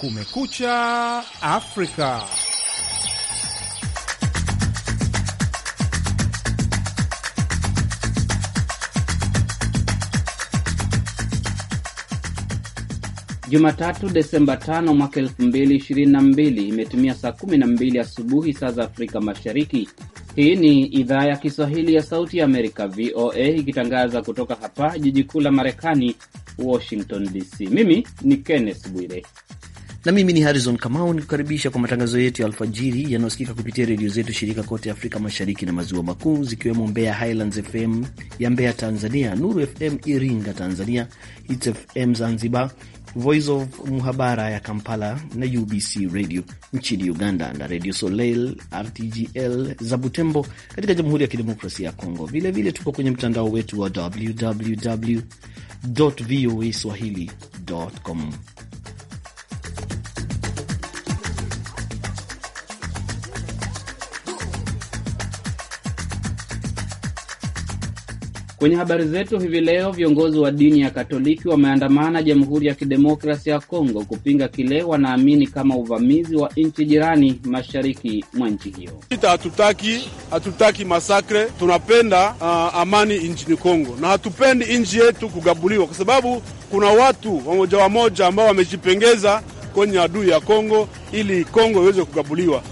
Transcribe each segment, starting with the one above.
Kumekucha Afrika. Jumatatu Desemba 5 mwaka 2022 imetumia saa 12 asubuhi saa za Afrika Mashariki. Hii ni idhaa ya Kiswahili ya Sauti ya Amerika, VOA, ikitangaza kutoka hapa jiji kuu la Marekani, Washington DC. Mimi ni Kenneth Bwire na mimi ni Harrison Kamau nikukaribisha kwa matangazo yetu ya alfajiri yanayosikika kupitia redio zetu shirika kote Afrika Mashariki na Maziwa Makuu, zikiwemo Mbeya Highlands FM ya Mbeya Tanzania, Nuru FM Iringa Tanzania, Hits FM Zanzibar, Voice of Muhabara ya Kampala na UBC Radio nchini Uganda, na Radio Soleil RTGL za Butembo katika Jamhuri ya Kidemokrasia ya Kongo. Vilevile tuko kwenye mtandao wetu wa www voa swahili.com. Kwenye habari zetu hivi leo, viongozi wa dini ya Katoliki wameandamana Jamhuri ya Kidemokrasia ya Kongo kupinga kile wanaamini kama uvamizi wa nchi jirani mashariki mwa nchi hiyo. Hatutaki, hatutaki masakre, tunapenda uh, amani nchini Kongo na hatupendi nchi yetu kugabuliwa, kwa sababu kuna watu wamoja wamoja ambao wamejipengeza kwenye adui ya Kongo ili Kongo iweze kugabuliwa.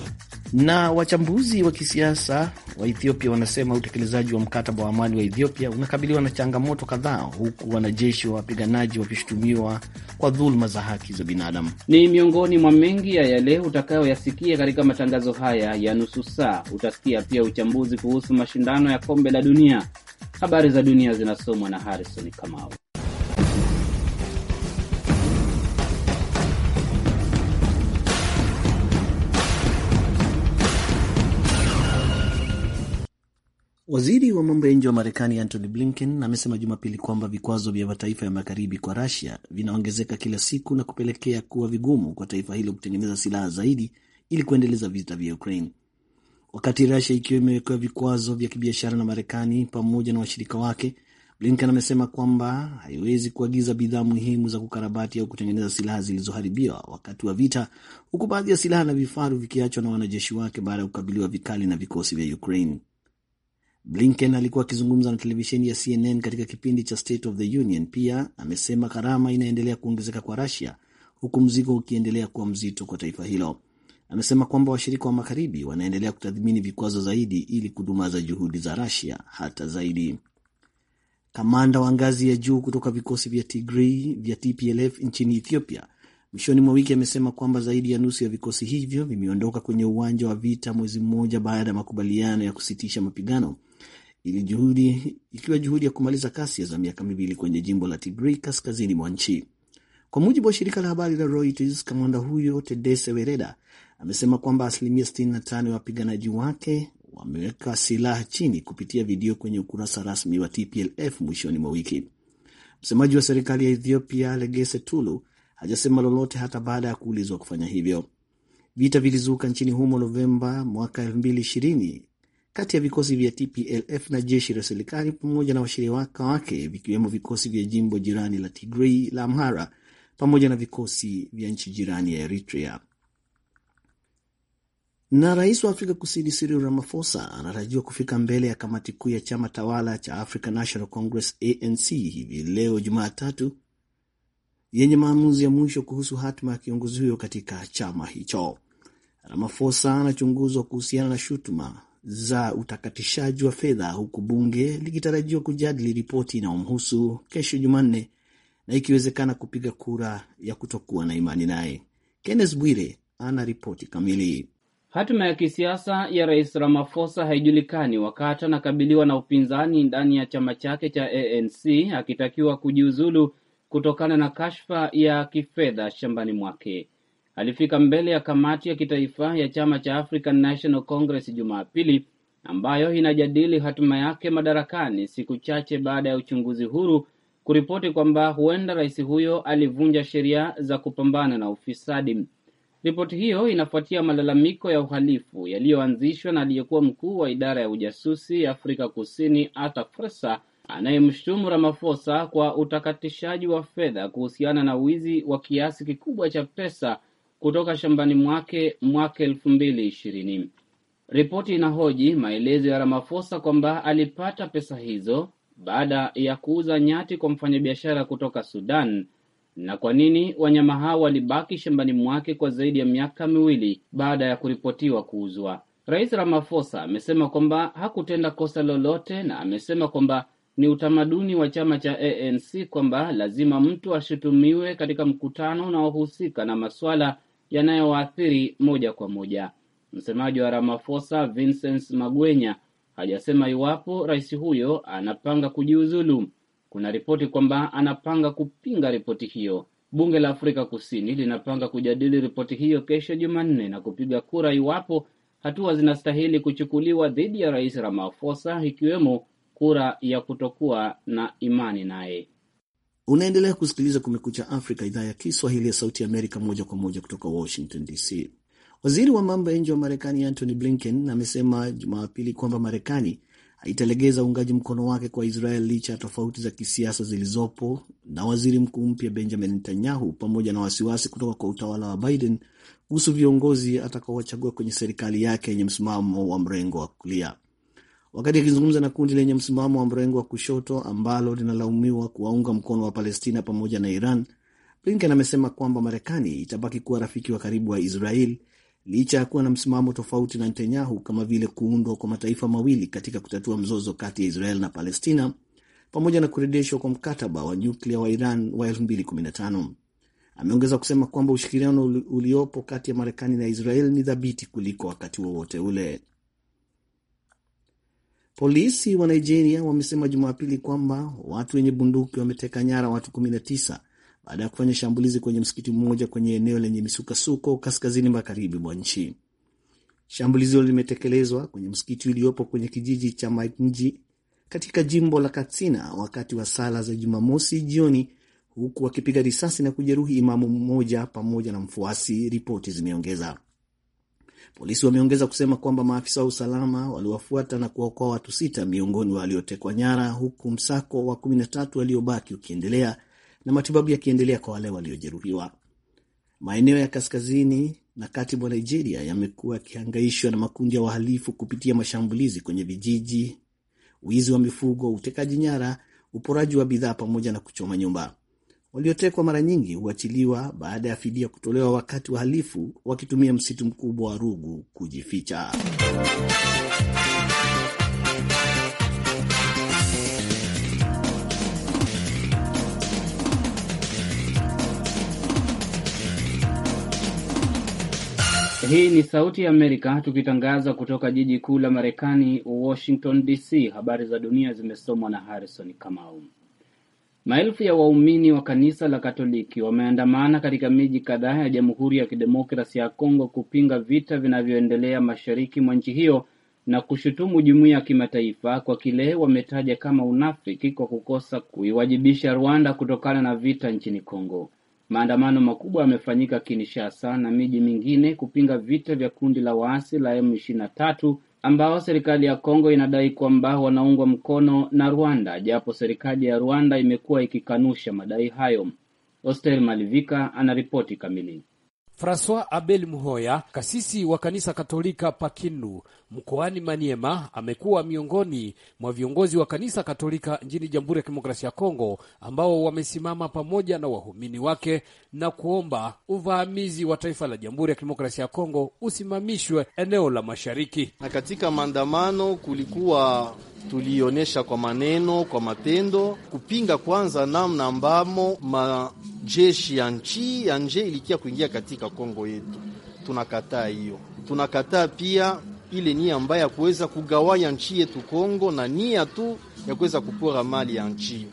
Na wachambuzi wa kisiasa wa Ethiopia wanasema utekelezaji wa mkataba wa amani wa Ethiopia unakabiliwa na changamoto kadhaa, huku wanajeshi wa wapiganaji wakishutumiwa kwa dhuluma za haki za binadamu. Ni miongoni mwa mengi ya yale utakayoyasikia katika matangazo haya ya nusu saa. Utasikia pia uchambuzi kuhusu mashindano ya kombe la dunia. Habari za dunia zinasomwa na Harrison Kamau. Waziri wa mambo ya nje wa Marekani Antony Blinken amesema Jumapili kwamba vikwazo vya mataifa ya magharibi kwa rasia vinaongezeka kila siku na kupelekea kuwa vigumu kwa taifa hilo kutengeneza silaha zaidi ili kuendeleza vita vya Ukraine. Wakati rasia ikiwa imewekewa vikwazo vya kibiashara na Marekani pamoja na washirika wake, Blinken amesema kwamba haiwezi kuagiza bidhaa muhimu za kukarabati au kutengeneza silaha zilizoharibiwa wakati wa vita, huku baadhi ya silaha na vifaru vikiachwa na wanajeshi wake baada ya kukabiliwa vikali na vikosi vya Ukraine. Blinken alikuwa akizungumza na televisheni ya CNN katika kipindi cha State of the Union. Pia amesema gharama inaendelea kuongezeka kwa Russia, huku mzigo ukiendelea kuwa mzito kwa taifa hilo. Amesema kwamba washirika wa magharibi wanaendelea kutathmini vikwazo zaidi ili kudumaza juhudi za Russia hata zaidi. Kamanda wa ngazi ya juu kutoka vikosi vya Tigray vya TPLF nchini Ethiopia mwishoni mwa wiki amesema kwamba zaidi ya nusu ya vikosi hivyo vimeondoka kwenye uwanja wa vita mwezi mmoja baada ya makubaliano ya kusitisha mapigano ili juhudi, ikiwa juhudi ya kumaliza kasia za miaka miwili kwenye jimbo la Tigray kaskazini mwa nchi. Kwa mujibu wa shirika la habari la Reuters, kamanda huyo Tedese Wereda amesema kwamba asilimia 65 ya wapiganaji wake wameweka silaha chini kupitia video kwenye ukurasa rasmi wa TPLF mwishoni mwa wiki. Msemaji wa serikali ya Ethiopia Legese Tulu hajasema lolote hata baada ya kuulizwa kufanya hivyo. Vita vilizuka nchini humo Novemba mwaka kati ya vikosi vya TPLF na jeshi la serikali pamoja na washirika wake vikiwemo vikosi vya jimbo jirani la Tigray la Amhara pamoja na vikosi vya nchi jirani ya Eritrea. Na rais wa Afrika Kusini Cyril Ramaphosa anatarajiwa kufika mbele ya kamati kuu ya chama tawala cha African National Congress ANC hivi leo Jumatatu, yenye maamuzi ya mwisho kuhusu hatima ya kiongozi huyo katika chama hicho. Ramaphosa anachunguzwa kuhusiana na shutuma za utakatishaji wa fedha, huku bunge likitarajiwa kujadili ripoti inayomhusu kesho Jumanne na ikiwezekana kupiga kura ya kutokuwa na imani naye. Kenneth Bwire ana ripoti kamili. Hatima ya kisiasa ya Rais Ramaphosa haijulikani wakati anakabiliwa na upinzani ndani ya chama chake cha ANC akitakiwa kujiuzulu kutokana na kashfa ya kifedha shambani mwake alifika mbele ya kamati ya kitaifa ya chama cha African National Congress Jumapili, ambayo inajadili hatima yake madarakani, siku chache baada ya uchunguzi huru kuripoti kwamba huenda rais huyo alivunja sheria za kupambana na ufisadi. Ripoti hiyo inafuatia malalamiko ya uhalifu yaliyoanzishwa na aliyekuwa mkuu wa idara ya ujasusi ya Afrika Kusini Arthur Fraser anayemshutumu Ramaphosa kwa utakatishaji wa fedha kuhusiana na wizi wa kiasi kikubwa cha pesa kutoka shambani mwake mwaka elfu mbili ishirini. Ripoti inahoji maelezo ya ramafosa kwamba alipata pesa hizo baada ya kuuza nyati kwa mfanyabiashara kutoka Sudan, na kwa nini wanyama hao walibaki shambani mwake kwa zaidi ya miaka miwili baada ya kuripotiwa kuuzwa. Rais ramafosa amesema kwamba hakutenda kosa lolote, na amesema kwamba ni utamaduni wa chama cha ANC kwamba lazima mtu ashutumiwe katika mkutano unaohusika na, na maswala yanayowaathiri moja kwa moja. Msemaji wa ramafosa Vincent Magwenya hajasema iwapo rais huyo anapanga kujiuzulu. Kuna ripoti kwamba anapanga kupinga ripoti hiyo. Bunge la Afrika Kusini linapanga kujadili ripoti hiyo kesho Jumanne na kupiga kura iwapo hatua zinastahili kuchukuliwa dhidi ya rais Ramaphosa, ikiwemo kura ya kutokuwa na imani naye. Unaendelea kusikiliza Kumekucha Afrika, idhaa ya Kiswahili ya Sauti Amerika, moja kwa moja kutoka Washington DC. Waziri wa mambo ya nje wa Marekani Antony Blinken amesema Jumapili kwamba Marekani haitalegeza uungaji mkono wake kwa Israel licha ya tofauti za kisiasa zilizopo na waziri mkuu mpya Benjamin Netanyahu, pamoja na wasiwasi kutoka kwa utawala wa Biden kuhusu viongozi atakaowachagua kwenye serikali yake yenye msimamo wa mrengo wa kulia wakati akizungumza na kundi lenye msimamo wa mrengo wa kushoto ambalo linalaumiwa kuwaunga mkono wa Palestina pamoja na Iran, Blinken amesema kwamba Marekani itabaki kuwa rafiki wa karibu wa Israel licha ya kuwa na msimamo tofauti na Netanyahu, kama vile kuundwa kwa mataifa mawili katika kutatua mzozo kati ya Israel na Palestina pamoja na kurejeshwa kwa mkataba wa nyuklia wa Iran wa 2015. Ameongeza kusema kwamba ushirikiano uliopo kati ya Marekani na Israel ni thabiti kuliko wakati wowote ule. Polisi wa Nigeria wamesema Jumapili kwamba watu wenye bunduki wameteka nyara watu 19 baada ya kufanya shambulizi kwenye msikiti mmoja kwenye eneo lenye misukasuko kaskazini magharibi mwa nchi. Shambulizi hilo limetekelezwa kwenye msikiti uliopo kwenye kijiji cha Mainji katika jimbo la Katsina wakati wa sala za Jumamosi jioni, huku wakipiga risasi na kujeruhi imamu mmoja pamoja na mfuasi, ripoti zimeongeza. Polisi wameongeza kusema kwamba maafisa wa usalama waliwafuata na kuwaokoa watu sita miongoni waliotekwa nyara, huku msako wa kumi na tatu waliobaki ukiendelea na matibabu yakiendelea kwa wale waliojeruhiwa. Maeneo ya kaskazini na kati mwa Nigeria yamekuwa yakihangaishwa na makundi ya wahalifu kupitia mashambulizi kwenye vijiji, wizi wa mifugo, utekaji nyara, uporaji wa bidhaa pamoja na kuchoma nyumba. Waliotekwa mara nyingi huachiliwa baada ya fidia kutolewa wakati wahalifu wakitumia msitu mkubwa wa Rugu kujificha. Hii ni Sauti ya Amerika tukitangaza kutoka jiji kuu la Marekani, Washington DC. Habari za dunia zimesomwa na Harrison Kamau. Maelfu ya waumini wa kanisa la Katoliki wameandamana katika miji kadhaa ya Jamhuri ya Kidemokrasia ya Kongo kupinga vita vinavyoendelea mashariki mwa nchi hiyo na kushutumu jumuiya ya kimataifa kwa kile wametaja kama unafiki kwa kukosa kuiwajibisha Rwanda kutokana na vita nchini Kongo. Maandamano makubwa yamefanyika Kinshasa na miji mingine kupinga vita vya kundi la waasi la M23 ambao serikali ya Kongo inadai kwamba wanaungwa mkono na Rwanda, japo serikali ya Rwanda imekuwa ikikanusha madai hayo. Oster Malivika anaripoti kamili. Francois Abel Muhoya, kasisi wa kanisa Katolika Pakindu mkoani Maniema, amekuwa miongoni mwa viongozi wa kanisa Katolika nchini Jamhuri ya Kidemokrasia ya Kongo ambao wamesimama pamoja na waumini wake na kuomba uvamizi wa taifa la Jamhuri ya Kidemokrasia ya Kongo usimamishwe eneo la mashariki. Na katika maandamano kulikuwa tulionyesha kwa maneno, kwa matendo, kupinga kwanza namna ambamo majeshi ya nchi ya nje ilikia kuingia katika Kongo yetu. Tunakataa hiyo, tunakataa pia ile nia ambayo ya kuweza kugawanya nchi yetu Kongo na nia tu ya kuweza kupora mali ya nchi.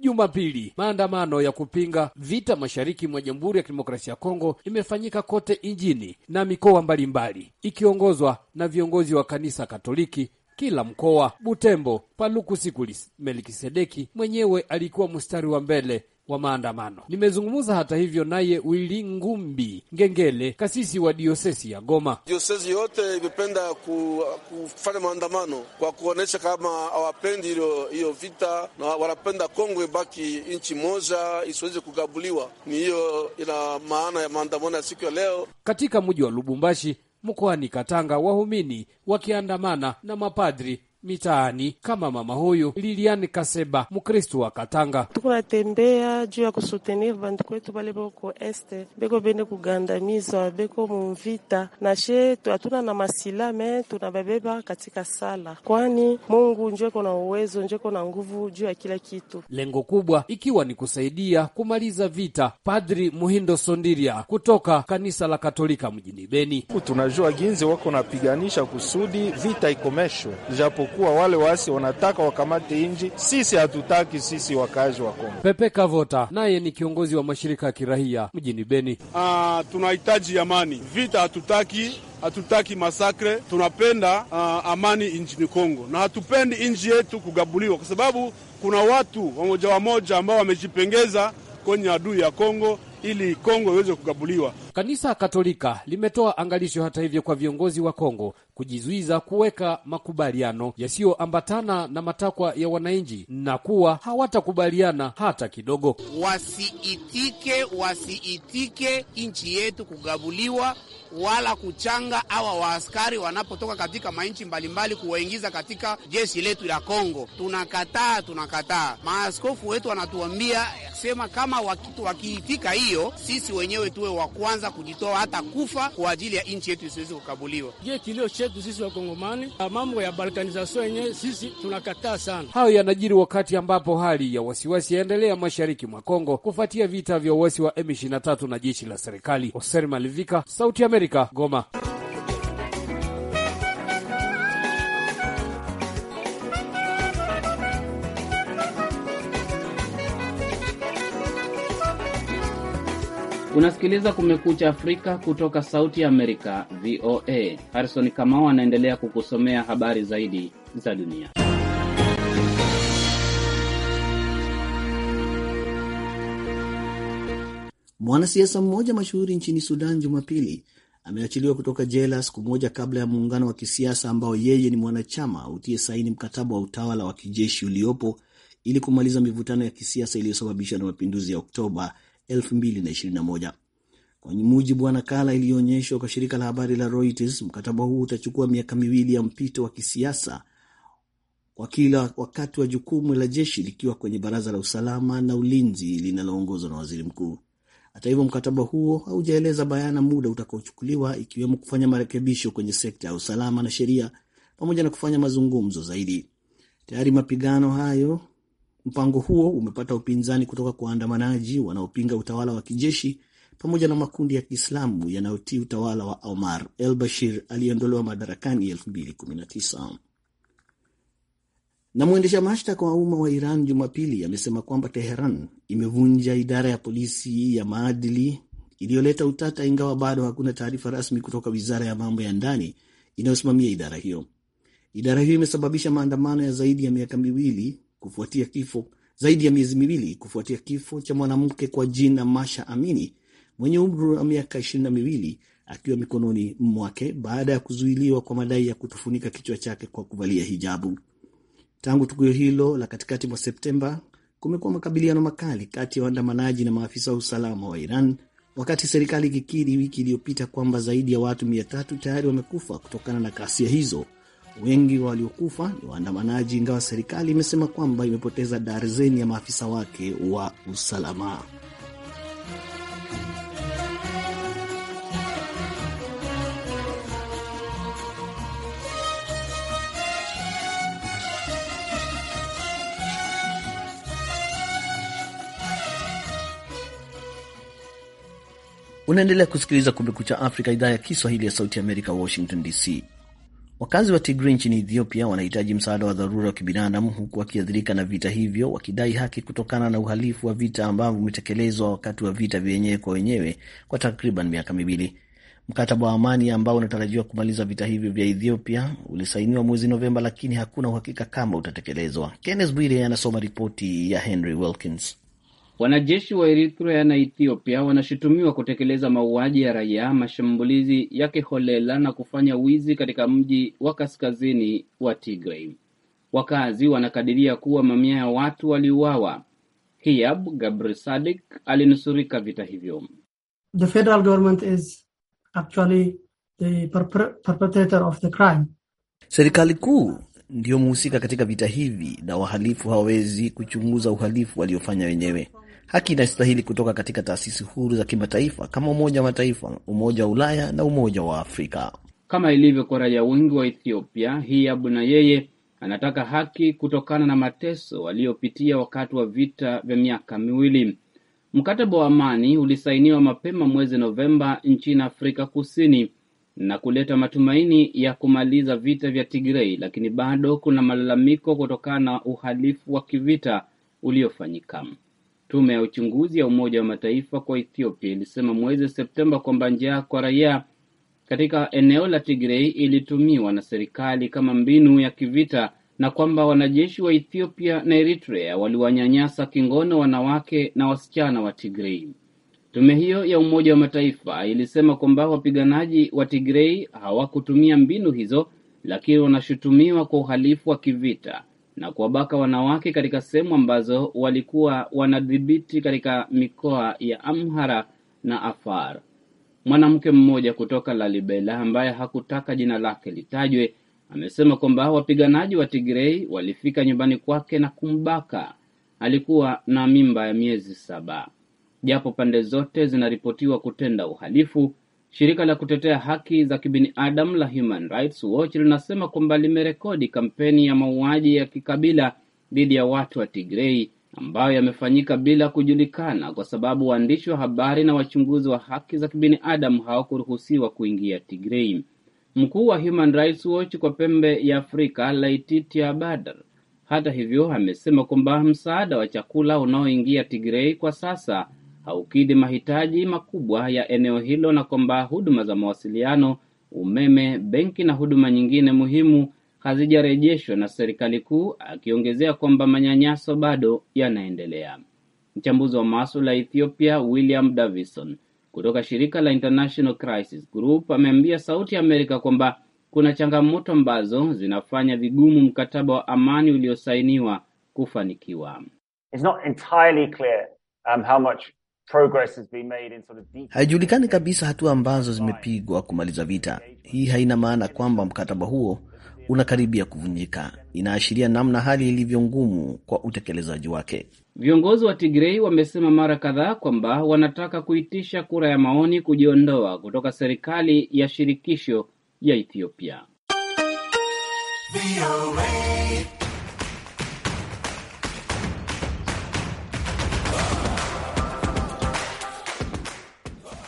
Jumapili, maandamano ya kupinga vita mashariki mwa Jamhuri ya Kidemokrasia ya Kongo imefanyika kote nchini na mikoa mbalimbali, ikiongozwa na viongozi wa kanisa Katoliki kila mkoa. Butembo, Paluku siku Melkisedeki mwenyewe alikuwa mstari wa mbele wa maandamano. Nimezungumza hata hivyo naye Wili Ngumbi Ngengele, kasisi wa diosesi ya Goma. Diosesi yote imependa ku, kufanya maandamano kwa kuonyesha kama hawapendi hiyo vita na wanapenda Kongo ibaki nchi moja isiweze kugabuliwa. Ni hiyo ina maana ya maandamano ya siku ya leo katika mji wa Lubumbashi mkoani Katanga, waumini wakiandamana na mapadri mitaani kama mama huyu Lilian Kaseba, Mkristu wa Katanga. Tuko natembea juu ya kusutenir bantu kwetu bale boko este beko bende kugandamizwa beko mumvita nashe, hatuna na masila me tunababeba katika sala, kwani Mungu njeko na uwezo njeko na nguvu juu ya kila kitu, lengo kubwa ikiwa ni kusaidia kumaliza vita. Padri Muhindo Sondiria kutoka kanisa la Katolika mjini Beni: tunajua ginzi wako napiganisha kusudi vita ikomeshwe japo kuwa wale waasi wanataka wakamate inji, sisi hatutaki, sisi wakazi wa Kongo. Pepe Kavota naye ni kiongozi wa mashirika ya kirahia mjini Beni. Ah, tunahitaji amani, vita hatutaki hatutaki masakre, tunapenda uh, amani nchini Kongo, na hatupendi nchi yetu kugabuliwa, kwa sababu kuna watu wamoja wamoja ambao wamejipengeza kwenye adui ya Kongo ili Kongo iweze kugabuliwa. Kanisa Katolika limetoa angalisho, hata hivyo, kwa viongozi wa Kongo kujizuiza kuweka makubaliano yasiyoambatana na matakwa ya wananchi na kuwa hawatakubaliana hata kidogo. Wasiitike, wasiitike nchi yetu kugabuliwa wala kuchanga awa waaskari wanapotoka katika manchi mbalimbali kuwaingiza katika jeshi letu la Kongo. Tunakataa, tunakataa. Maaskofu wetu wanatuambia sema, kama wakitu wakiitika hiyo, sisi wenyewe tuwe wa kwanza wanaweza kujitoa hata kufa kwa ajili ya nchi yetu isiwezi kukabuliwa. Je, kilio chetu sisi Wakongomani, ah, mambo ya balkanizasio yenyewe sisi tunakataa sana. Hayo yanajiri wakati ambapo hali ya wasiwasi yaendelea mashariki mwa Kongo kufuatia vita vya uasi wa M23 na jeshi la serikali. Hoser Malivika, Sauti Amerika, Goma. Unasikiliza Kumekucha Afrika kutoka Sauti ya Amerika, VOA. Harrison Kamau anaendelea kukusomea habari zaidi za dunia. Mwanasiasa mmoja mashuhuri nchini Sudan Jumapili ameachiliwa kutoka jela siku moja kabla ya muungano wa kisiasa ambao yeye ni mwanachama utie saini mkataba wa utawala wa kijeshi uliopo ili kumaliza mivutano ya kisiasa iliyosababishwa na mapinduzi ya Oktoba 2021. Kwa mujibu wa nakala iliyoonyeshwa kwa shirika la habari la Reuters, mkataba huu utachukua miaka miwili ya mpito wa kisiasa kwa kila wakati wa jukumu la jeshi likiwa kwenye Baraza la Usalama na Ulinzi linaloongozwa na waziri mkuu. Hata hivyo, mkataba huo haujaeleza bayana muda utakaochukuliwa, ikiwemo kufanya marekebisho kwenye sekta ya usalama na sheria pamoja na kufanya mazungumzo zaidi. Tayari mapigano hayo Mpango huo umepata upinzani kutoka kwa waandamanaji wanaopinga utawala wa kijeshi pamoja na makundi ya Kiislamu yanayotii utawala wa Omar el Bashir aliyeondolewa madarakani 2019. Na mwendesha mashtaka wa umma wa Iran Jumapili amesema kwamba Teheran imevunja idara ya polisi ya maadili iliyoleta utata, ingawa bado hakuna taarifa rasmi kutoka wizara ya mambo ya ndani inayosimamia idara hiyo. Idara hiyo imesababisha maandamano ya zaidi ya miaka miwili kufuatia kifo zaidi ya miezi miwili kufuatia kifo cha mwanamke kwa jina Masha Amini mwenye umri wa miaka ishirini na miwili akiwa mikononi mwake baada ya kuzuiliwa kwa madai ya kutufunika kichwa chake kwa kuvalia hijabu. Tangu tukio hilo la katikati mwa Septemba, kumekuwa makabiliano makali kati ya waandamanaji na maafisa wa usalama wa Iran, wakati serikali ikikiri wiki iliyopita kwamba zaidi ya watu mia tatu tayari wamekufa kutokana na ghasia hizo Wengi waliokufa ni waandamanaji, ingawa serikali imesema kwamba imepoteza darzeni ya maafisa wake wa usalama. Unaendelea kusikiliza Kumekucha Afrika, idhaa ya Kiswahili ya Sauti ya Amerika, Washington DC. Wakazi wa Tigray nchini Ethiopia wanahitaji msaada wa dharura wa kibinadamu, huku wakiathirika na vita hivyo wakidai haki kutokana na uhalifu wa vita ambavyo umetekelezwa wakati wa vita vyenyewe kwa wenyewe kwa takriban miaka miwili. Mkataba wa amani ambao unatarajiwa kumaliza vita hivyo vya Ethiopia ulisainiwa mwezi Novemba, lakini hakuna uhakika kama utatekelezwa. Kenneth Bwire anasoma ripoti ya Henry Wilkins. Wanajeshi wa Eritrea na Ethiopia wanashutumiwa kutekeleza mauaji ya raia, mashambulizi ya kiholela na kufanya wizi katika mji wa kaskazini wa Tigray. Wakazi wanakadiria kuwa mamia ya watu waliuawa. Hiab Gabri Sadik alinusurika vita hivyo. The federal government is actually the perpetrator of the crime. Serikali kuu ndiyo muhusika katika vita hivi na wahalifu hawawezi kuchunguza uhalifu waliofanya wenyewe haki inayostahili kutoka katika taasisi huru za kimataifa kama Umoja wa Mataifa, Umoja wa Ulaya na Umoja wa Afrika. Kama ilivyo kwa raia wengi wa Ethiopia, abu na yeye anataka haki kutokana na mateso waliyopitia wakati wa vita vya miaka miwili. Mkataba wa amani ulisainiwa mapema mwezi Novemba nchini Afrika Kusini na kuleta matumaini ya kumaliza vita vya Tigrei, lakini bado kuna malalamiko kutokana na uhalifu wa kivita uliofanyika. Tume ya uchunguzi ya Umoja wa Mataifa kwa Ethiopia ilisema mwezi Septemba kwamba njaa kwa raia katika eneo la Tigrei ilitumiwa na serikali kama mbinu ya kivita na kwamba wanajeshi wa Ethiopia na Eritrea waliwanyanyasa kingono wanawake na wasichana wa Tigrei. Tume hiyo ya Umoja wa Mataifa ilisema kwamba wapiganaji wa Tigrei hawakutumia mbinu hizo, lakini wanashutumiwa kwa uhalifu wa kivita na kuwabaka wanawake katika sehemu ambazo walikuwa wanadhibiti katika mikoa ya Amhara na Afar. Mwanamke mmoja kutoka Lalibela ambaye hakutaka jina lake litajwe amesema kwamba wapiganaji wa Tigrei walifika nyumbani kwake na kumbaka. Alikuwa na mimba ya miezi saba. Japo pande zote zinaripotiwa kutenda uhalifu, Shirika la kutetea haki za kibinadamu la Human Rights Watch linasema kwamba limerekodi kampeni ya mauaji ya kikabila dhidi ya watu wa Tigrei ambayo yamefanyika bila kujulikana kwa sababu waandishi wa habari na wachunguzi wa haki za kibinadamu hawakuruhusiwa kuingia Tigrei. Mkuu wa Human Rights Watch kwa pembe ya Afrika, Laetitia Badr, hata hivyo, amesema kwamba msaada wa chakula unaoingia Tigrei kwa sasa haukidhi mahitaji makubwa ya eneo hilo na kwamba huduma za mawasiliano, umeme, benki na huduma nyingine muhimu hazijarejeshwa na serikali kuu, akiongezea kwamba manyanyaso bado yanaendelea. Mchambuzi wa maswala ya Ethiopia William Davison kutoka shirika la International Crisis Group ameambia Sauti ya Amerika kwamba kuna changamoto ambazo zinafanya vigumu mkataba wa amani uliosainiwa kufanikiwa. It's not entirely clear, um, how much Haijulikani kabisa hatua ambazo zimepigwa kumaliza vita. Hii haina maana kwamba mkataba huo unakaribia kuvunjika, inaashiria namna hali ilivyo ngumu kwa utekelezaji wake. Viongozi wa Tigrei wamesema mara kadhaa kwamba wanataka kuitisha kura ya maoni kujiondoa kutoka serikali ya shirikisho ya Ethiopia.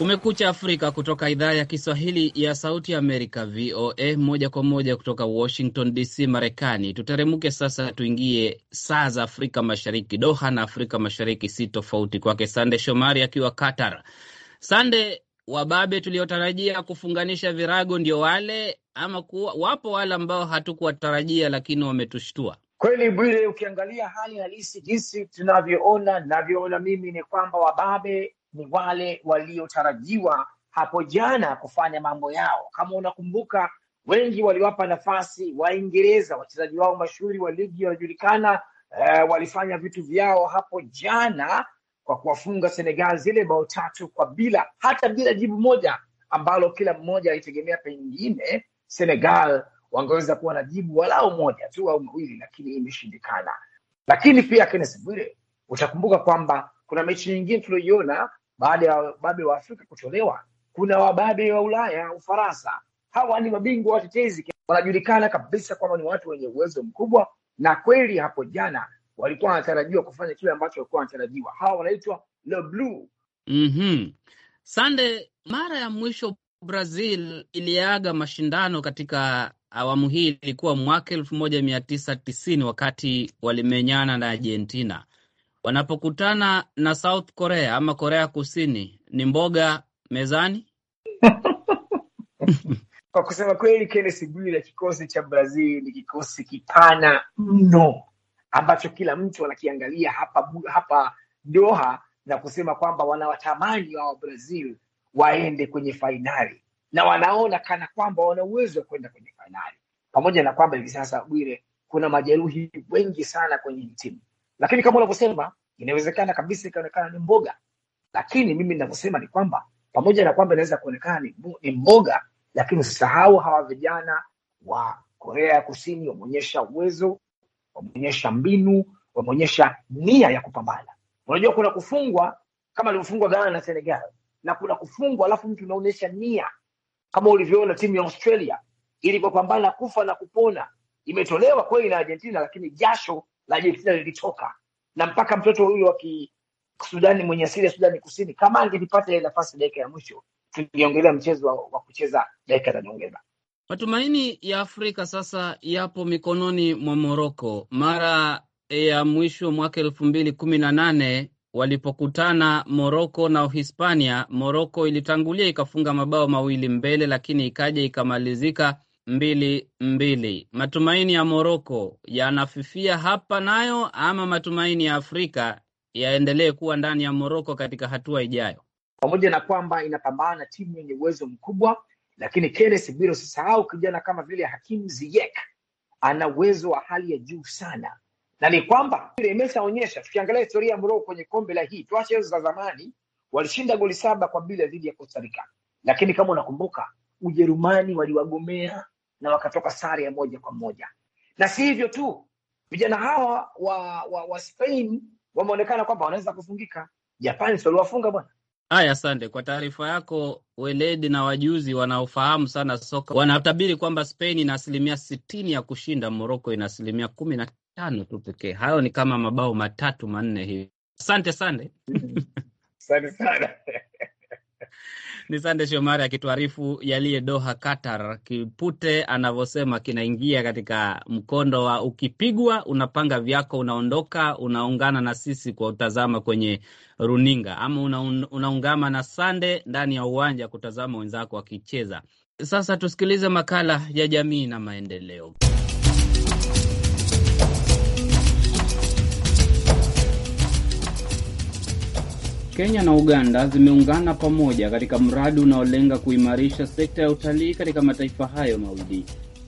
Kumekucha Afrika kutoka idhaa ya Kiswahili ya Sauti Amerika, VOA, moja kwa moja kutoka Washington DC, Marekani. Tuteremke sasa, tuingie saa za Afrika Mashariki. Doha na Afrika Mashariki si tofauti kwake. Sande Shomari akiwa Qatar. Sande, wababe tuliotarajia kufunganisha virago ndio wale ama kuwa, wapo wale ambao hatukuwatarajia lakini wametushtua kweli. Bwile, ukiangalia hali halisi jinsi tunavyoona navyoona mimi ni kwamba wababe ni wale waliotarajiwa hapo jana kufanya mambo yao. Kama unakumbuka, wengi waliwapa nafasi Waingereza, wachezaji wao mashuhuri wa ligi wanajulikana, uh, eh, walifanya vitu vyao hapo jana kwa kuwafunga Senegal zile bao tatu kwa bila, hata bila jibu moja ambalo kila mmoja alitegemea pengine Senegal wangeweza kuwa na jibu walao moja tu au mawili, lakini imeshindikana. Lakini pia Kennes Bwire, utakumbuka kwamba kuna mechi nyingine tulioiona baada ya wababe wa Afrika kutolewa, kuna wababe wa Ulaya, Ufaransa. Hawa ni mabingwa watetezi, wanajulikana kabisa kwamba ni watu wenye uwezo mkubwa, na kweli hapo jana walikuwa wanatarajiwa kufanya kile ambacho walikuwa wanatarajiwa. Hawa wanaitwa Le Blue. mm -hmm. Sande, mara ya mwisho Brazil iliaga mashindano katika awamu hii ilikuwa mwaka elfu moja mia tisa tisini wakati walimenyana na Argentina wanapokutana na South Korea ama Korea Kusini, ni mboga mezani? Kwa kusema kweli, kenes Bwire, kikosi cha Brazil ni kikosi kipana mno ambacho kila mtu anakiangalia hapa hapa Doha na kusema kwamba wanawatamani wa Brazil waende kwenye fainali na wanaona kana kwamba wana uwezo wa kwenda kwenye fainali, pamoja na kwamba hivi sasa, Bwire, kuna majeruhi wengi sana kwenye timu lakini kama unavyosema, inawezekana kabisa ikaonekana ni mboga, lakini mimi ninavyosema ni kwamba pamoja na kwamba inaweza kuonekana ni mboga, lakini usisahau hawa vijana wa Korea ya Kusini wameonyesha uwezo, wameonyesha mbinu, wameonyesha nia ya kupambana. Unajua, kuna kufungwa kama alivyofungwa Ghana na Senegal, na kuna kufungwa alafu mtu unaonyesha nia, kama ulivyoona timu ya Australia ilivyopambana kufa na kupona, imetolewa kweli na Argentina, lakini jasho la jeshi lilitoka, na mpaka mtoto huyo wa Sudani mwenye asili ya Sudani Kusini, kama angelipata nafasi dakika ya mwisho, tungeongelea mchezo wa, wa kucheza dakika za nyongeza. Matumaini ya Afrika sasa yapo mikononi mwa Moroko. Mara ya mwisho mwaka elfu mbili kumi na nane walipokutana Moroko na Uhispania, Moroko ilitangulia ikafunga mabao mawili mbele, lakini ikaja ikamalizika mbili mbili. Matumaini ya Moroko yanafifia hapa nayo, ama matumaini ya Afrika yaendelee kuwa ndani ya Moroko katika hatua ijayo, pamoja na kwamba inapambana na timu yenye uwezo mkubwa, lakini Kenes bila usisahau kijana kama vile Hakim Ziyech ana uwezo wa hali ya juu sana, na ni kwamba imeshaonyesha, tukiangalia historia ya Moroko kwenye kombe la hii, tuache hizo za zamani, walishinda goli saba kwa bila dhidi ya Costa Rica, lakini kama unakumbuka Ujerumani waliwagomea na wakatoka sare ya moja kwa moja. Na si hivyo tu, vijana hawa wa, wa, wa Spain wameonekana kwamba wanaweza kufungika. Japani si waliwafunga bwana. Haya, asante kwa taarifa yako. Weledi na wajuzi wanaofahamu sana soka wanatabiri kwamba Spain ina asilimia sitini ya kushinda, Moroko ina asilimia kumi na tano tu pekee. Hayo ni kama mabao matatu manne hivi. Asante sande. asante sana. Ni Sande Shomari akituarifu yaliye Doha, Qatar. Kipute anavyosema kinaingia katika mkondo wa ukipigwa, unapanga vyako, unaondoka, unaungana na sisi kwa utazama kwenye runinga, ama una, unaungama na Sande ndani ya uwanja kutazama wenzako wakicheza. Sasa tusikilize makala ya jamii na maendeleo. Kenya na Uganda zimeungana pamoja katika mradi unaolenga kuimarisha sekta ya utalii katika mataifa hayo mawili.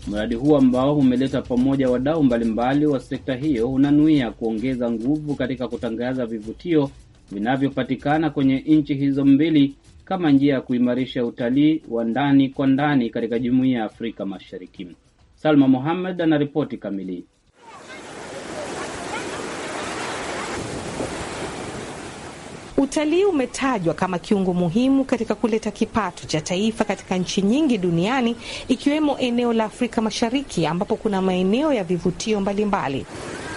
Mradi huu ambao umeleta pamoja wadau mbalimbali wa sekta hiyo unanuia kuongeza nguvu katika kutangaza vivutio vinavyopatikana kwenye nchi hizo mbili kama njia ya kuimarisha utalii wa ndani kwa ndani katika jumuiya ya Afrika Mashariki. Salma Mohamed anaripoti kamili. Utalii umetajwa kama kiungo muhimu katika kuleta kipato cha taifa katika nchi nyingi duniani ikiwemo eneo la Afrika Mashariki ambapo kuna maeneo ya vivutio mbalimbali mbali.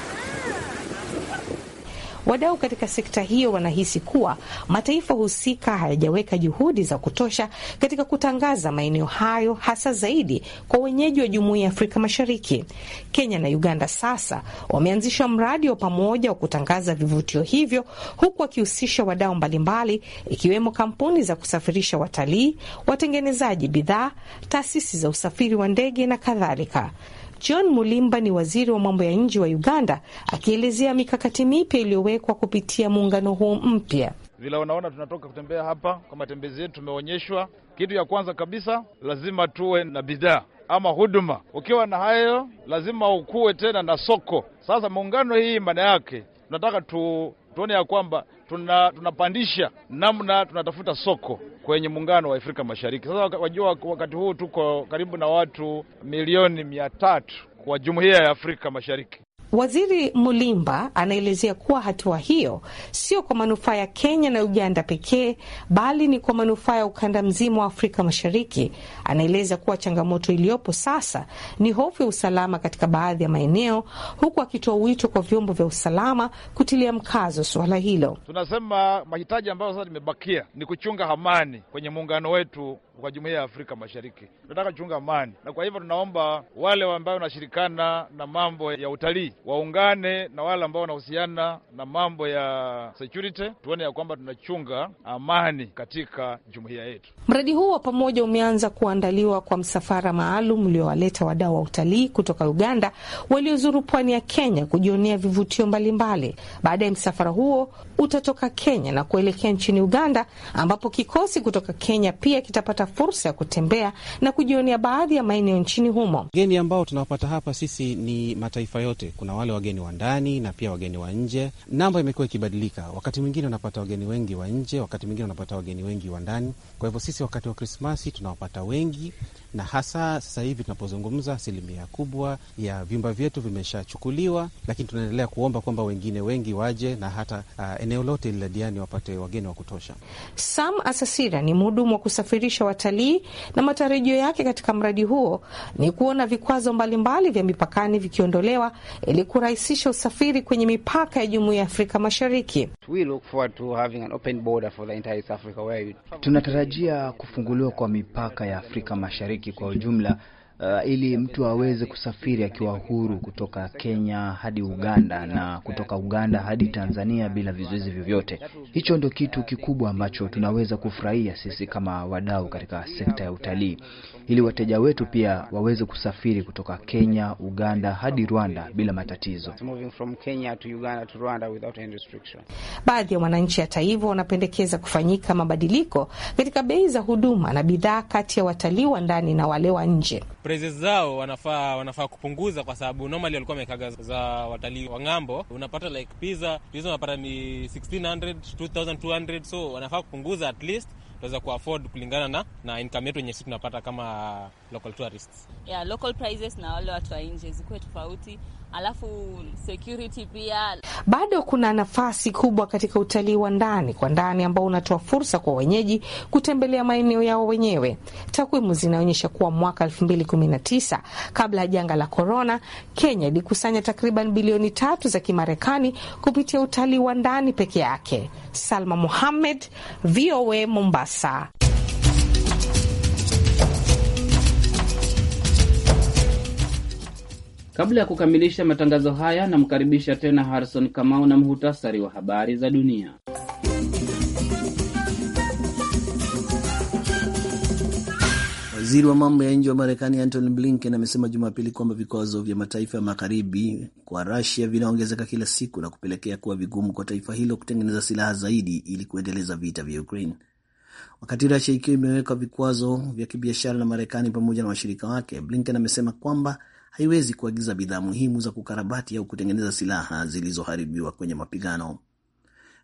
Wadau katika sekta hiyo wanahisi kuwa mataifa husika hayajaweka juhudi za kutosha katika kutangaza maeneo hayo, hasa zaidi kwa wenyeji wa jumuiya ya Afrika Mashariki. Kenya na Uganda sasa wameanzisha mradi wa pamoja wa kutangaza vivutio hivyo, huku wakihusisha wadau mbalimbali, ikiwemo kampuni za kusafirisha watalii, watengenezaji bidhaa, taasisi za usafiri wa ndege na kadhalika. John Mulimba ni waziri wa mambo ya nje wa Uganda, akielezea mikakati mipya iliyowekwa kupitia muungano huu mpya. Vile wanaona tunatoka kutembea hapa kwa matembezi yetu, tumeonyeshwa kitu ya kwanza kabisa, lazima tuwe na bidhaa ama huduma. Ukiwa na hayo, lazima ukuwe tena na soko. Sasa muungano hii maana yake tunataka tu tuone ya kwamba tuna, tunapandisha namna tunatafuta soko kwenye muungano wa Afrika Mashariki. Sasa wajua, wakati huu tuko karibu na watu milioni mia tatu kwa jumuiya ya Afrika Mashariki. Waziri Mulimba anaelezea kuwa hatua hiyo sio kwa manufaa ya Kenya na Uganda pekee, bali ni kwa manufaa ya ukanda mzima wa Afrika Mashariki. Anaeleza kuwa changamoto iliyopo sasa ni hofu ya usalama katika baadhi ya maeneo, huku akitoa wito kwa vyombo vya usalama kutilia mkazo suala hilo. Tunasema mahitaji ambayo sasa limebakia ni kuchunga amani kwenye muungano wetu kwa jumuiya ya Afrika Mashariki. Tunataka kuchunga amani, na kwa hivyo tunaomba wale ambao wanashirikana na mambo ya utalii waungane na wale ambao wanahusiana na mambo ya security, tuone ya kwamba tunachunga amani katika jumuiya yetu. Mradi huu wa pamoja umeanza kuandaliwa kwa msafara maalum uliowaleta wadau wa utalii kutoka Uganda waliozuru pwani ya Kenya kujionea vivutio mbalimbali. Baada ya msafara huo utatoka Kenya na kuelekea nchini Uganda ambapo kikosi kutoka Kenya pia kitapata kupata fursa ya kutembea na kujionea baadhi ya maeneo nchini humo. Wageni ambao tunawapata hapa sisi ni mataifa yote, kuna wale wageni wa ndani na pia wageni wa nje. Namba imekuwa ikibadilika, wakati mwingine unapata wageni wengi wa nje, wakati mwingine unapata wageni wengi wa ndani. Kwa hivyo sisi wakati wa Krismasi tunawapata wengi na hasa sasa hivi tunapozungumza, asilimia kubwa ya vyumba vyetu vimeshachukuliwa, lakini tunaendelea kuomba kwamba wengine wengi waje na hata uh, eneo lote lila Diani wapate wageni wa kutosha. Sam Asasira ni mhudumu wa kusafirisha watalii na matarajio yake katika mradi huo ni kuona vikwazo mbalimbali vya mipakani vikiondolewa ili kurahisisha usafiri kwenye mipaka ya Jumuiya ya Afrika Mashariki. Tunatarajia kufunguliwa kwa mipaka ya Afrika Mashariki kwa ujumla uh, ili mtu aweze kusafiri akiwa huru kutoka Kenya hadi Uganda na kutoka Uganda hadi Tanzania bila vizuizi vyovyote. Hicho ndio kitu kikubwa ambacho tunaweza kufurahia sisi kama wadau katika sekta ya utalii, ili wateja wetu pia waweze kusafiri kutoka Kenya, Uganda hadi Rwanda bila matatizo. Baadhi ya wananchi, hata hivyo, wanapendekeza kufanyika mabadiliko katika bei za huduma na bidhaa kati ya watalii wa ndani na wale wa nje prices zao wanafaa wanafaa kupunguza, kwa sababu normally walikuwa wamekaga za watalii wa ng'ambo, unapata like pizza hizo unapata ni 1600 2200, so wanafaa kupunguza at least tunaweza kuafford kulingana na na income yetu yenye sisi tunapata kama local tourists. Yeah, local prices na wale watu wa nje zikuwe tofauti alafu security pia. Bado kuna nafasi kubwa katika utalii wa ndani kwa ndani ambao unatoa fursa kwa wenyeji kutembelea maeneo yao wenyewe. Takwimu zinaonyesha kuwa mwaka 2019 kabla ya janga la korona, Kenya ilikusanya takriban bilioni tatu za Kimarekani kupitia utalii wa ndani peke yake. Salma Muhammed, VOA Mombasa. Kabla ya kukamilisha matangazo haya, namkaribisha tena Harison Kamau na mhutasari wa habari za dunia. Waziri wa mambo ya nje wa Marekani Antony Blinken amesema Jumapili kwamba vikwazo vya mataifa ya magharibi kwa Rusia vinaongezeka kila siku na kupelekea kuwa vigumu kwa taifa hilo kutengeneza silaha zaidi ili kuendeleza vita vya Ukraine. Wakati Rusia ikiwa imeweka vikwazo vya kibiashara na Marekani pamoja na washirika wake, Blinken amesema kwamba haiwezi kuagiza bidhaa muhimu za kukarabati au kutengeneza silaha zilizoharibiwa kwenye mapigano.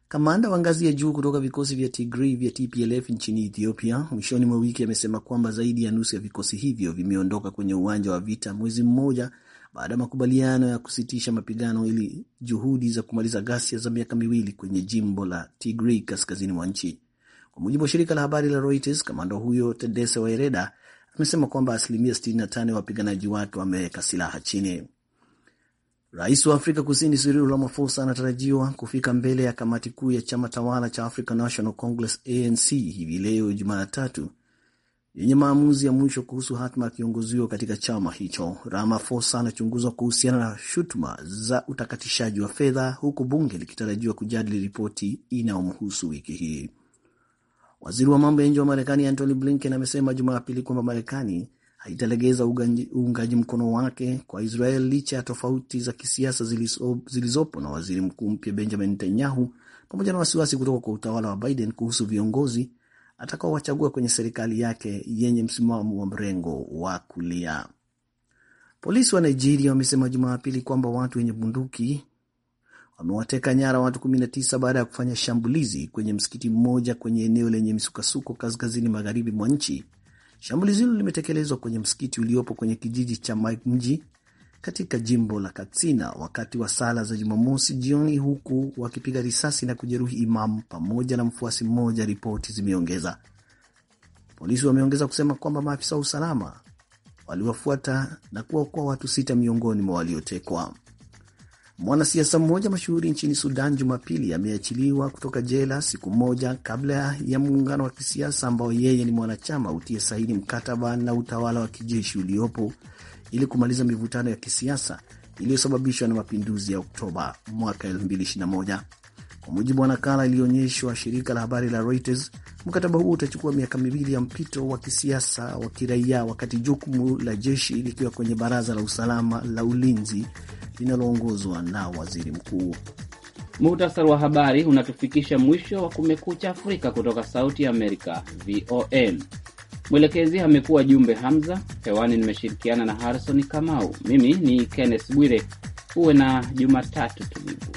Kamanda wa ngazi ya juu kutoka vikosi vya Tigray vya TPLF nchini Ethiopia mwishoni mwa wiki amesema kwamba zaidi ya nusu ya vikosi hivyo vimeondoka kwenye uwanja wa vita mwezi mmoja baada ya makubaliano ya kusitisha mapigano ili juhudi za kumaliza ghasia za miaka miwili kwenye jimbo la Tigray kaskazini mwa nchi. Kwa mujibu wa shirika la habari la Reuters, kamanda huyo Tedese Waireda amesema kwamba asilimia 65 ya wapiganaji wake wameweka silaha chini. Rais wa Afrika Kusini Cyril Ramaphosa anatarajiwa kufika mbele ya kamati kuu ya chama tawala cha African National Congress ANC hivi leo Jumatatu yenye maamuzi ya mwisho kuhusu hatma ya kiongozi huyo katika chama hicho. Ramaphosa anachunguzwa kuhusiana na shutuma za utakatishaji wa fedha, huku bunge likitarajiwa kujadili ripoti inayomhusu wiki hii. Waziri wa mambo ya nje wa Marekani Antony Blinken amesema Jumapili kwamba Marekani haitalegeza uungaji mkono wake kwa Israel licha ya tofauti za kisiasa zilizopo na waziri mkuu mpya Benjamin Netanyahu, pamoja na wasiwasi kutoka kwa utawala wa Biden kuhusu viongozi atakaowachagua kwenye serikali yake yenye msimamo wa mrengo wa kulia. Polisi wa Nigeria wamesema Jumapili kwamba watu wenye bunduki wamewateka nyara watu 19 baada ya kufanya shambulizi kwenye msikiti mmoja kwenye eneo lenye misukasuko kaskazini magharibi mwa nchi. Shambulizi hilo limetekelezwa kwenye msikiti uliopo kwenye kijiji cha mji katika jimbo la Katsina wakati wa sala za Jumamosi jioni, huku wakipiga risasi na kujeruhi imamu pamoja na mfuasi mmoja, ripoti zimeongeza. Polisi wameongeza kusema kwamba maafisa wa usalama waliwafuata na kuwaokoa watu sita miongoni mwa waliotekwa. Mwanasiasa mmoja mashuhuri nchini Sudan Jumapili ameachiliwa kutoka jela siku moja kabla ya muungano wa kisiasa ambao yeye ni mwanachama utie saini mkataba na utawala wa kijeshi uliopo ili kumaliza mivutano ya kisiasa iliyosababishwa na mapinduzi ya Oktoba mwaka 2021. Kwa mujibu wa nakala iliyoonyeshwa shirika la habari la Reuters, mkataba huo utachukua miaka miwili ya mpito wa kisiasa wa kiraia, wakati jukumu la jeshi likiwa kwenye baraza la usalama la ulinzi linaloongozwa na waziri mkuu. Muhtasari wa habari unatufikisha mwisho wa Kumekucha Afrika kutoka Sauti ya Amerika, VOM. Mwelekezi amekuwa Jumbe Hamza. Hewani nimeshirikiana na Harrison Kamau. Mimi ni Kenneth Bwire. Uwe na Jumatatu tulivu.